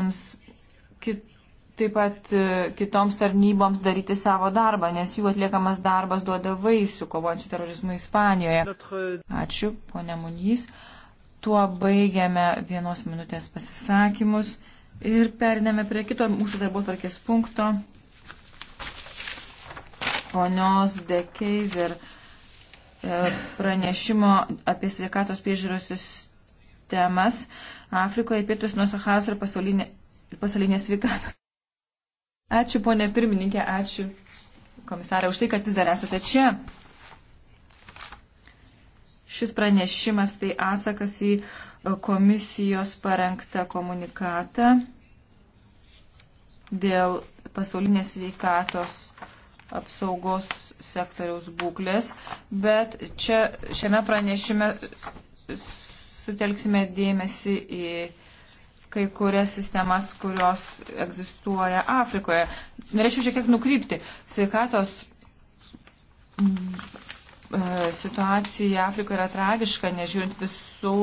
pareigūnams, kit, taip pat e, kitoms tarnyboms daryti savo darbą, nes jų atliekamas darbas duoda vaisių kovojant su terorizmu Ispanijoje. Ačiū, ponė Munys. Tuo baigiame vienos minutės pasisakymus ir periname prie kito mūsų darbo tvarkės punkto. Ponios Dekeizer e, pranešimo apie sveikatos priežiūros sistemas. Afrikoje, pietus nuo Saharos ir pasaulinė, pasaulinė sveikata. Ačiū, ponė pirmininkė, ačiū komisarė už tai, kad vis dar esate čia. Šis pranešimas tai atsakas į e, komisijos parengtą komunikatą dėl pasaulinės sveikatos apsaugos sektoriaus būklės, bet čia šiame pranešime sutelksime dėmesį į kai kurias sistemas, kurios egzistuoja Afrikoje. Norėčiau šiek tiek nukrypti. Sveikatos mm, e, situacija Afrikoje yra tragiška, nežiūrint visų,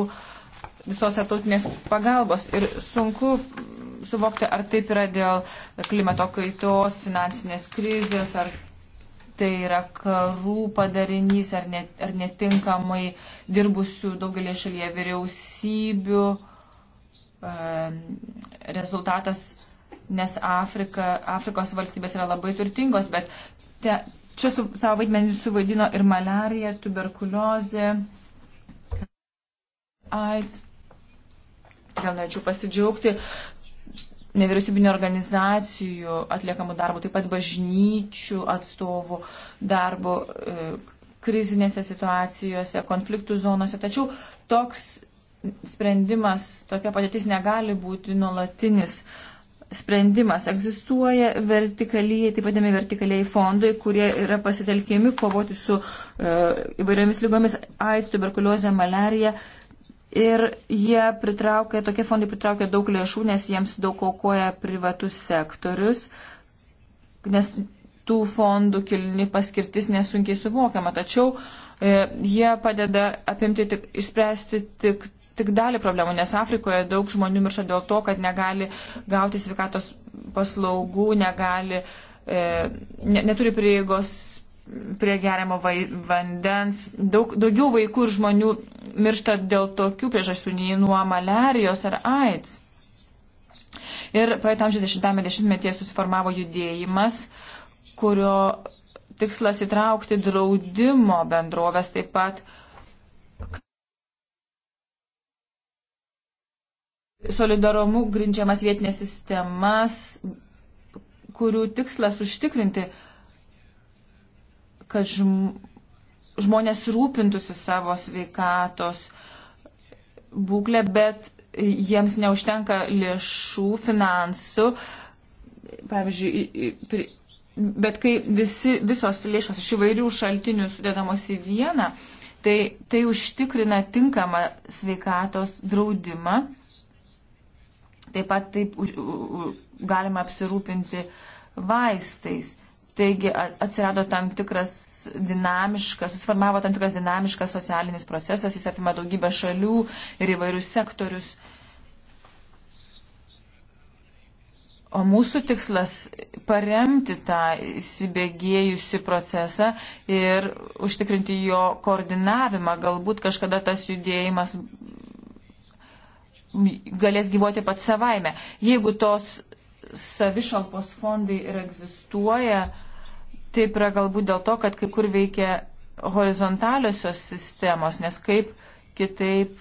visos tarptautinės pagalbos. Ir sunku suvokti, ar taip yra dėl klimato kaitos, finansinės krizės, ar tai yra karų padarinys ar, net, ar netinkamai dirbusių daugelį šalyje vyriausybių rezultatas, nes Afrika, Afrikos valstybės yra labai turtingos, bet te, čia su, savo vaidmenį suvaidino ir malarija, tuberkuliozė, AIDS. Gal norėčiau pasidžiaugti nevyriausybinio organizacijų atliekamų darbų, taip pat bažnyčių atstovų darbų e, krizinėse situacijose, konfliktų zonose. Tačiau toks sprendimas, tokia padėtis negali būti nuolatinis sprendimas. Egzistuoja vertikaliai, taip vadinami vertikaliai fondai, kurie yra pasitelkiami kovoti su e, įvairiomis lygomis - AIDS, tuberkuliozė, malerija Ir jie pritraukia, tokie fondai pritraukia daug lėšų, nes jiems daug aukoja privatus sektorius, nes tų fondų kilni paskirtis nesunkiai suvokiama. Tačiau e, jie padeda apimti tik, išspręsti tik tik dalį problemų, nes Afrikoje daug žmonių miršta dėl to, kad negali gauti sveikatos paslaugų, negali, e, ne, neturi prieigos prie geriamo vandens. Daug, daugiau vaikų ir žmonių miršta dėl tokių priežasčių nei nuo malerijos ar AIDS. Ir praeitą amžiaus 10-metyje susiformavo judėjimas, kurio tikslas įtraukti draudimo bendrovės taip pat solidarumu grindžiamas vietinės sistemas, kurių tikslas užtikrinti kad žmonės rūpintųsi savo sveikatos būklę, bet jiems neužtenka lėšų, finansų. Pavyzdžiui, bet kai visi, visos lėšos iš įvairių šaltinių sudedamos į vieną, tai, tai užtikrina tinkamą sveikatos draudimą. Taip pat taip galima apsirūpinti vaistais. Taigi atsirado tam tikras dinamiškas, susiformavo tam tikras dinamiškas socialinis procesas, jis apima daugybę šalių ir įvairius sektorius. O mūsų tikslas paremti tą įsibėgėjusi procesą ir užtikrinti jo koordinavimą. Galbūt kažkada tas judėjimas galės gyvuoti pat savaime. Jeigu tos savišalpos fondai ir egzistuoja, taip yra galbūt dėl to, kad kai kur veikia horizontaliosios sistemos, nes kaip kitaip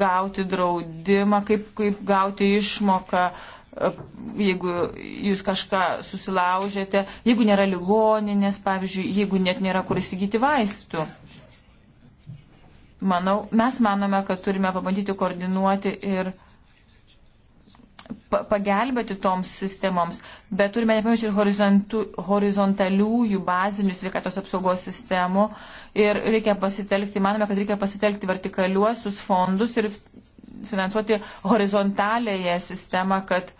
gauti draudimą, kaip, kaip gauti išmoką, jeigu jūs kažką susilaužėte, jeigu nėra ligoninės, pavyzdžiui, jeigu net nėra kur įsigyti vaistų. Manau, mes manome, kad turime pabandyti koordinuoti ir pagelbėti toms sistemoms, bet turime nepamiršti ir horizontaliųjų bazinių sveikatos apsaugos sistemų ir reikia pasitelkti, manome, kad reikia pasitelkti vertikaliuosius fondus ir finansuoti horizontalėje sistemą, kad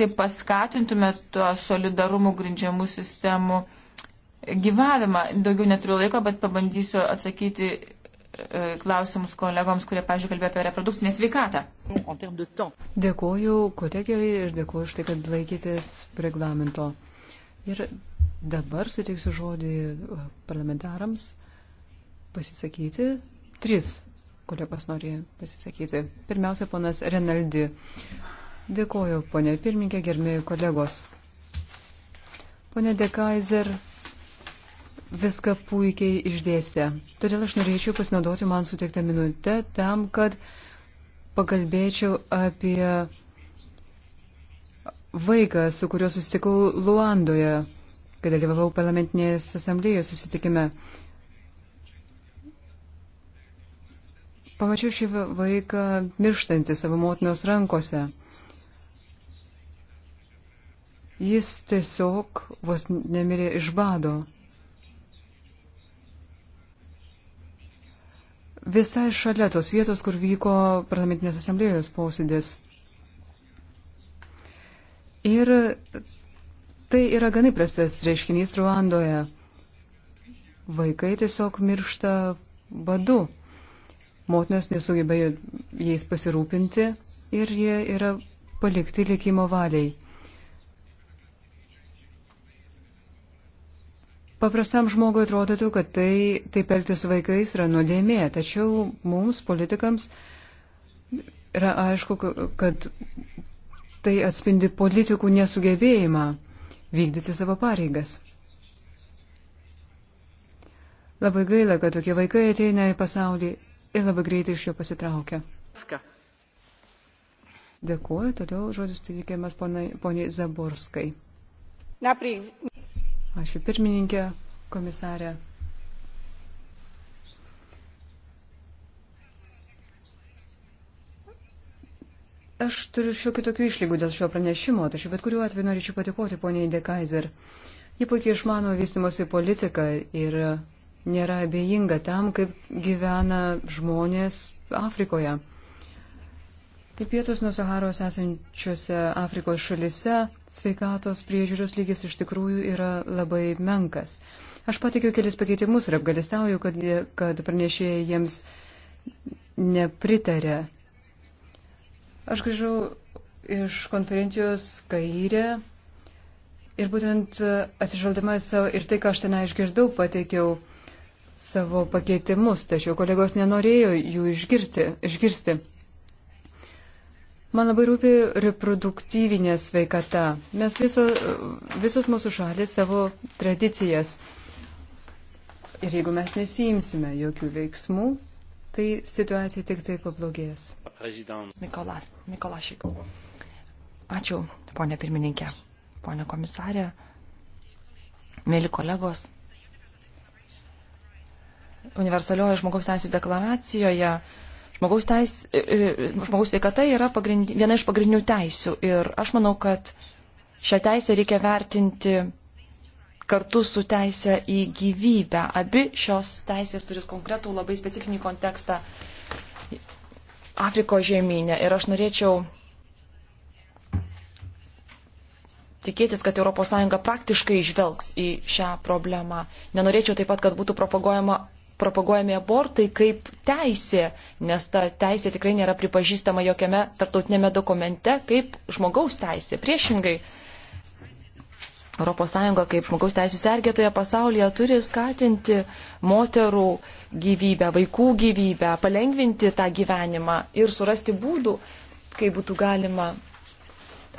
taip paskatintume tuo solidarumų grindžiamų sistemų gyvavimą. Daugiau neturiu laiko, bet pabandysiu atsakyti E, klausimus kolegoms, kurie, pažiūrėjau, kalbėjo apie reprodukcinę sveikatą. Dėkuoju kolegeriai ir dėkuoju už tai, kad laikytės reglamento. Ir dabar suteiksiu žodį e, parlamentarams pasisakyti. Tris kolegos nori pasisakyti. Pirmiausia, ponas Renaldi. Dėkuoju, ponė pirmininkė, gerbėjai kolegos. Pone Dekaiser, viską puikiai išdėstė. Todėl aš norėčiau pasinaudoti man suteiktą minutę tam, kad pakalbėčiau apie vaiką, su kuriuo susitikau Luandoje, kai dalyvavau parlamentinės asamblėjos susitikime. Pamačiau šį vaiką mirštantį savo motinos rankose. Jis tiesiog vos nemirė iš bado. visai šalia tos vietos, kur vyko parlamentinės asamblėjos posėdis. Ir tai yra ganai prastas reiškinys Ruandoje. Vaikai tiesiog miršta badu. Motinos nesugebėjo jais pasirūpinti ir jie yra palikti likimo valiai. Paprastam žmogui atrodytų, kad tai taip elgtis su vaikais yra nuodėmė, tačiau mums, politikams, yra aišku, kad tai atspindi politikų nesugebėjimą vykdyti savo pareigas. Labai gaila, kad tokie vaikai ateina į pasaulį ir labai greitai iš jo pasitraukia. Dėkuoju, toliau žodis teikiamas poniai Zaborskai. Napri. Ačiū pirmininkė, komisarė. Aš turiu šiokių tokių išlygų dėl šio pranešimo, tačiau bet kuriuo atveju norėčiau patikoti poniai De Kaiser. Ji puikiai išmano vystimosi politiką ir nėra abejinga tam, kaip gyvena žmonės Afrikoje. Į pietus nuo Saharos esančiose Afrikos šalise sveikatos priežiūros lygis iš tikrųjų yra labai menkas. Aš pateikiau kelis pakeitimus ir apgalistauju, kad, kad pranešėjai jiems nepritarė. Aš grįžau iš konferencijos kairė ir būtent atsižvaldama savo ir tai, ką aš ten išgirdau, pateikiau savo pakeitimus, tačiau kolegos nenorėjo jų išgirsti. išgirsti. Man labai rūpi reproduktyvinė sveikata. Mes viso, visos mūsų šalis savo tradicijas. Ir jeigu mes nesijimsime jokių veiksmų, tai situacija tik tai pablogės. Mikolas, Mikolašik. Ačiū, ponė pirmininkė, ponė komisarė, mėly kolegos. Universalioje žmogaus teisų deklaracijoje Žmogaus, teis, e, e, žmogaus sveikata yra pagrind, viena iš pagrindinių teisių ir aš manau, kad šią teisę reikia vertinti kartu su teisė į gyvybę. Abi šios teisės turi konkretų labai specifinį kontekstą Afrikos žemynė. Ir aš norėčiau tikėtis, kad ES praktiškai žvelgs į šią problemą. Nenorėčiau taip pat, kad būtų propaguojama propaguojami abortai kaip teisė, nes ta teisė tikrai nėra pripažįstama jokiame tarptautinėme dokumente kaip žmogaus teisė. Priešingai, ES kaip žmogaus teisų sergėtoje pasaulyje turi skatinti moterų gyvybę, vaikų gyvybę, palengvinti tą gyvenimą ir surasti būdų, kaip būtų galima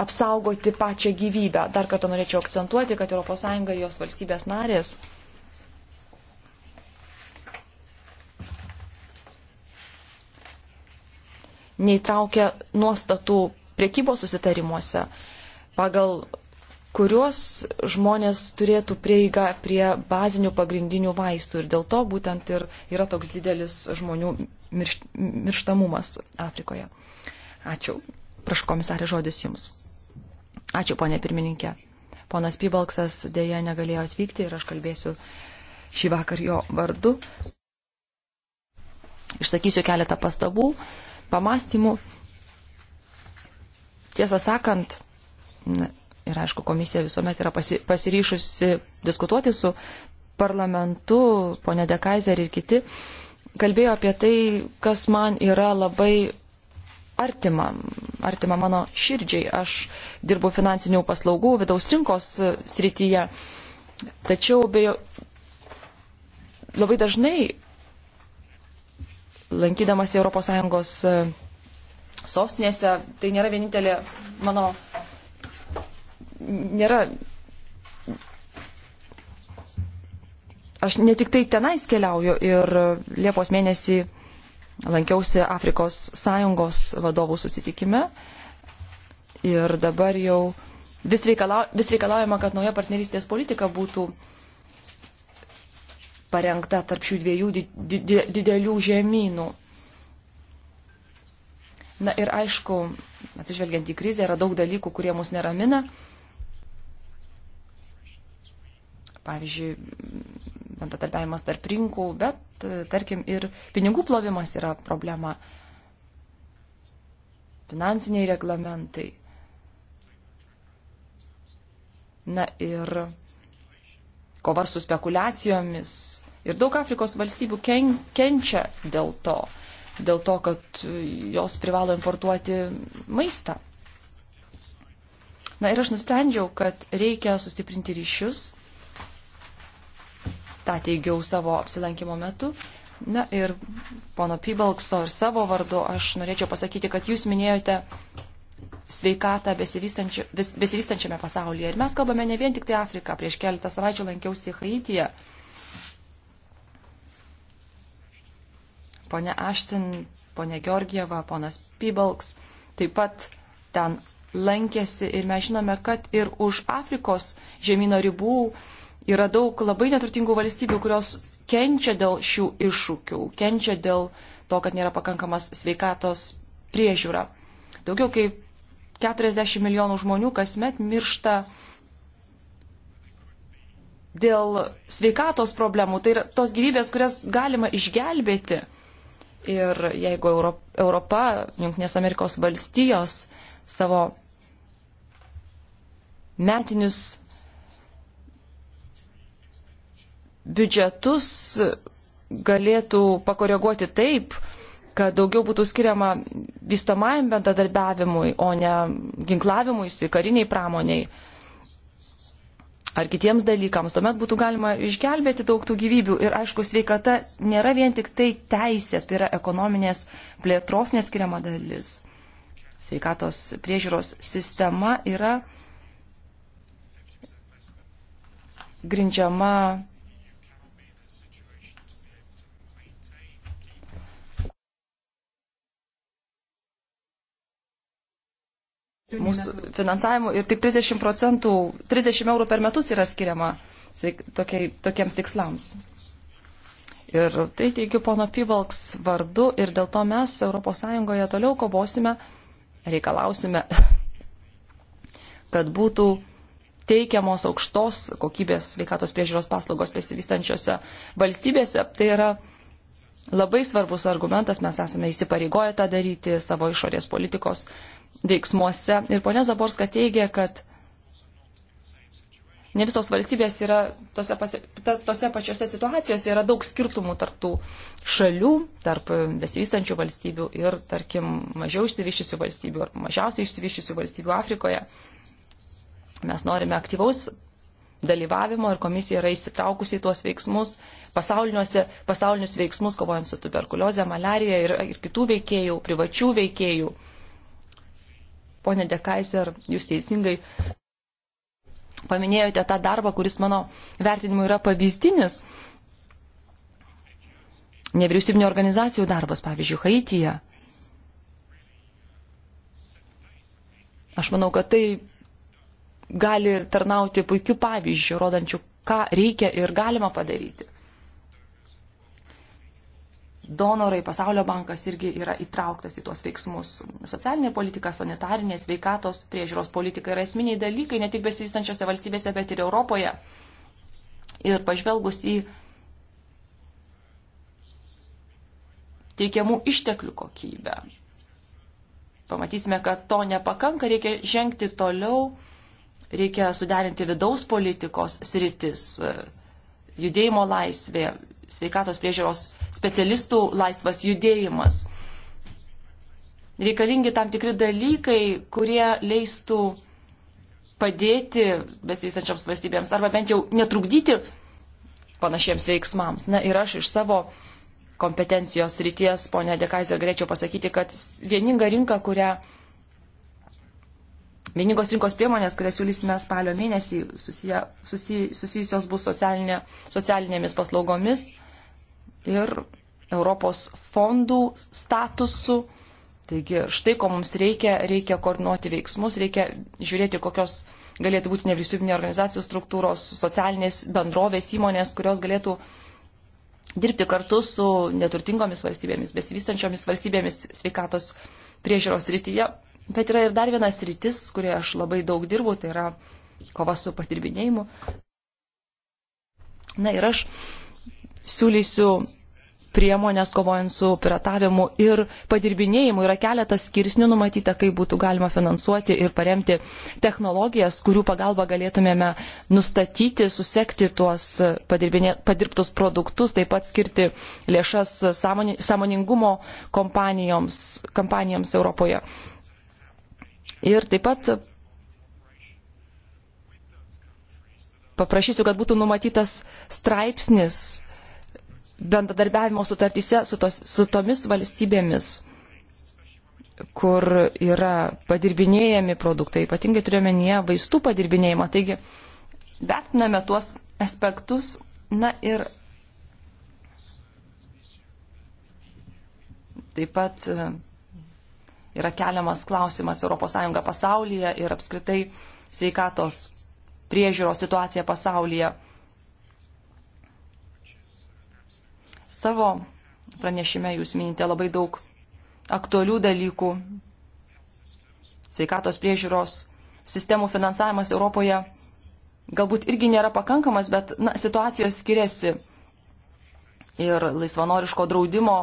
apsaugoti pačią gyvybę. Dar kartą norėčiau akcentuoti, kad ES jos valstybės narės neįtraukia nuostatų priekybos susitarimuose, pagal kuriuos žmonės turėtų prieigą prie bazinių pagrindinių vaistų. Ir dėl to būtent ir yra toks didelis žmonių mirš, mirštamumas Afrikoje. Ačiū. Prašau, komisarė, žodis Jums. Ačiū, ponė pirmininkė. Ponas Pybalksas dėja negalėjo atvykti ir aš kalbėsiu šį vakar jo vardu. Išsakysiu keletą pastabų pamastymų. Tiesą sakant, na, ir aišku, komisija visuomet yra pasi, pasiryšusi diskutuoti su parlamentu, ponė Dekaiser ir kiti, kalbėjo apie tai, kas man yra labai artima, artima mano širdžiai. Aš dirbu finansinių paslaugų vidaus rinkos e, srityje, tačiau be jo labai dažnai lankydamas ES e, sostinėse, tai nėra vienintelė mano, nėra. Aš ne tik tai tenais keliauju ir Liepos mėnesį lankiausi Afrikos sąjungos vadovų susitikime ir dabar jau vis, reikalau, vis reikalaujama, kad nauja partnerystės politika būtų uh, parengta tarp šių dviejų didelių žemynų. Na ir aišku, atsižvelgiant į krizę, yra daug dalykų, kurie mus neramina. Pavyzdžiui, bendradarbiavimas tarp rinkų, bet, tarkim, ir pinigų plovimas yra problema. Finansiniai reglamentai. Na ir kova su spekulacijomis. Ir daug Afrikos valstybių ken, kenčia dėl to, dėl to, kad jos privalo importuoti maistą. Na ir aš nusprendžiau, kad reikia sustiprinti ryšius. Ta teigiau savo apsilankimo metu. Na ir pono Pibalkso ir savo vardu aš norėčiau pasakyti, kad jūs minėjote sveikatą besivystančiame pasaulyje. Ir mes kalbame ne vien tik tai Afriką. Prieš keletą savaičių lankiausi Haityje. Pone Aštin, pone Georgieva, ponas Pibalks taip pat ten lankėsi ir mes žinome, kad ir už Afrikos žemynų ribų yra daug labai neturtingų valstybių, kurios kenčia dėl šių iššūkių, kenčia dėl to, kad nėra pakankamas sveikatos priežiūra. Daugiau kaip 40 milijonų žmonių kasmet miršta dėl sveikatos problemų. Tai yra tos gyvybės, kurias galima išgelbėti. Ir jeigu Europa, Junktinės Amerikos valstijos savo metinius biudžetus galėtų pakoreguoti taip, kad daugiau būtų skiriama vystamajam bendradarbiavimui, o ne ginklavimuisi, kariniai pramoniai ar kitiems dalykams. Tuomet būtų galima išgelbėti daug tų gyvybių. Ir aišku, sveikata nėra vien tik tai teisė, tai yra ekonominės plėtros neatskiriama dalis. Sveikatos priežiūros sistema yra grindžiama mūsų finansavimu ir tik 30 procentų, 30 eurų per metus yra skiriama sveik, tokiai, tokiems tikslams. Ir tai teigiu pono Pivalks vardu ir dėl to mes ES toliau kovosime, reikalausime, kad būtų teikiamos aukštos kokybės sveikatos priežiūros paslaugos besivystančiose valstybėse. Tai yra labai svarbus argumentas, mes esame įsipareigoję tą daryti savo išorės politikos veiksmuose. Ir ponė Zaborska teigia, kad ne visos valstybės yra tose, pasi, tose pačiose situacijose, yra daug skirtumų tarptų šalių, tarp besivystančių valstybių ir, tarkim, mažiau išsivyščiusių valstybių ar mažiausiai išsivyščiusių valstybių Afrikoje. Mes norime aktyvaus dalyvavimo ir komisija yra įsitraukusi į tuos veiksmus, pasaulinius veiksmus, kovojant su tuberkuliozė, malerija ir, ir kitų veikėjų, privačių veikėjų. Pone Dekaiser, jūs teisingai paminėjote tą darbą, kuris mano vertinimu yra pavyzdinis. Nevyriausybinio organizacijų darbas, pavyzdžiui, Haityje. Aš manau, kad tai gali tarnauti puikių pavyzdžių, rodančių, ką reikia ir galima padaryti. Donorai, Pasaulio bankas irgi yra įtrauktas į tuos veiksmus. Socialinė politika, sanitarinė, sveikatos priežiūros politika yra esminiai dalykai ne tik besivystančiose valstybėse, bet ir Europoje. Ir pažvelgus į teikiamų išteklių kokybę, pamatysime, kad to nepakanka, reikia žengti toliau Reikia suderinti vidaus politikos sritis, e, judėjimo laisvė, sveikatos priežiūros specialistų laisvas judėjimas. Reikalingi tam tikri dalykai, kurie leistų padėti besivystančioms valstybėms arba bent jau netrukdyti panašiems veiksmams. Na ir aš iš savo kompetencijos ryties, ponė Dekaiser, galėčiau pasakyti, kad vieninga rinka, kurią Vieningos rinkos priemonės, kurias siūlysime spalio mėnesį, susiję, susi, susijusios bus socialinė, socialinėmis paslaugomis ir Europos fondų statusu. Taigi štai ko mums reikia, reikia koordinuoti veiksmus, reikia žiūrėti, kokios galėtų būti nevyriausybinio organizacijų struktūros, socialinės bendrovės įmonės, kurios galėtų dirbti kartu su neturtingomis valstybėmis, besivystančiomis valstybėmis sveikatos priežiūros rytyje, Bet yra ir dar vienas rytis, kurioje aš labai daug dirbu, tai yra kova su patirbinėjimu. Na ir aš siūlysiu priemonės kovojant su piratavimu ir padirbinėjimu. Yra keletas skirsnių numatyta, kaip būtų galima finansuoti ir paremti technologijas, kurių pagalba galėtumėme nustatyti, susekti tuos padirbtus produktus, taip pat skirti lėšas sąmoningumo kompanijoms, kompanijoms Europoje. Ir taip pat paprašysiu, kad būtų numatytas straipsnis bendradarbiavimo sutartyse su, tos, su tomis valstybėmis, kur yra padirbinėjami produktai, ypatingai turiuomenyje vaistų padirbinėjimą. Taigi, vertiname tuos aspektus, na ir taip pat yra keliamas klausimas ES pasaulyje ir apskritai sveikatos priežiūros situacija pasaulyje. Savo pranešime jūs minite labai daug aktualių dalykų. Sveikatos priežiūros sistemų finansavimas Europoje galbūt irgi nėra pakankamas, bet na, situacijos skiriasi ir laisvanoriško draudimo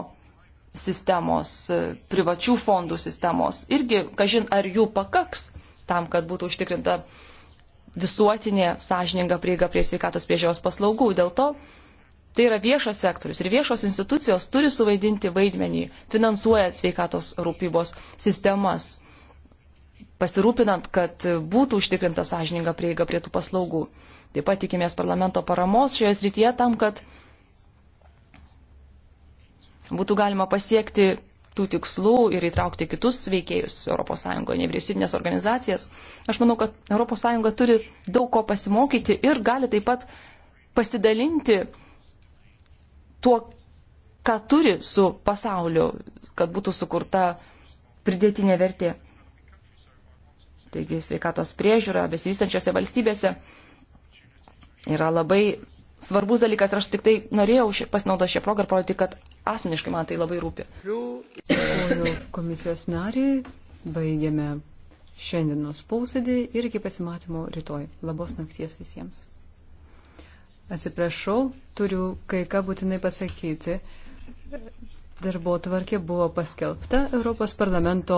sistemos, e, privačių fondų sistemos. Irgi, kažin, ar jų pakaks tam, kad būtų užtikrinta visuotinė sąžininga prieiga prie sveikatos priežiūros paslaugų. Dėl to tai yra viešas sektorius ir viešos institucijos turi suvaidinti vaidmenį, finansuojant sveikatos rūpybos sistemas, pasirūpinant, kad būtų užtikrinta sąžininga prieiga prie tų paslaugų. Taip pat tikimės parlamento paramos šioje srityje tam, kad būtų galima pasiekti tų tikslų ir įtraukti kitus veikėjus ES, nevyriausybinės organizacijas. Aš manau, kad ES turi daug ko pasimokyti ir gali taip pat pasidalinti tuo, ką turi su pasauliu, kad būtų sukurta pridėtinė vertė. Taigi sveikatos priežiūra besivystančiose valstybėse yra labai svarbus dalykas ir aš tik tai norėjau pasinaudoti šią progą ir parodyti, kad asmeniškai man tai labai rūpi. Dėkuoju komisijos nariui, baigiame šiandienos posėdį ir iki pasimatymo rytoj. Labos nakties visiems. Atsiprašau, turiu kai ką būtinai pasakyti. Darbo tvarkė buvo paskelbta Europos parlamento.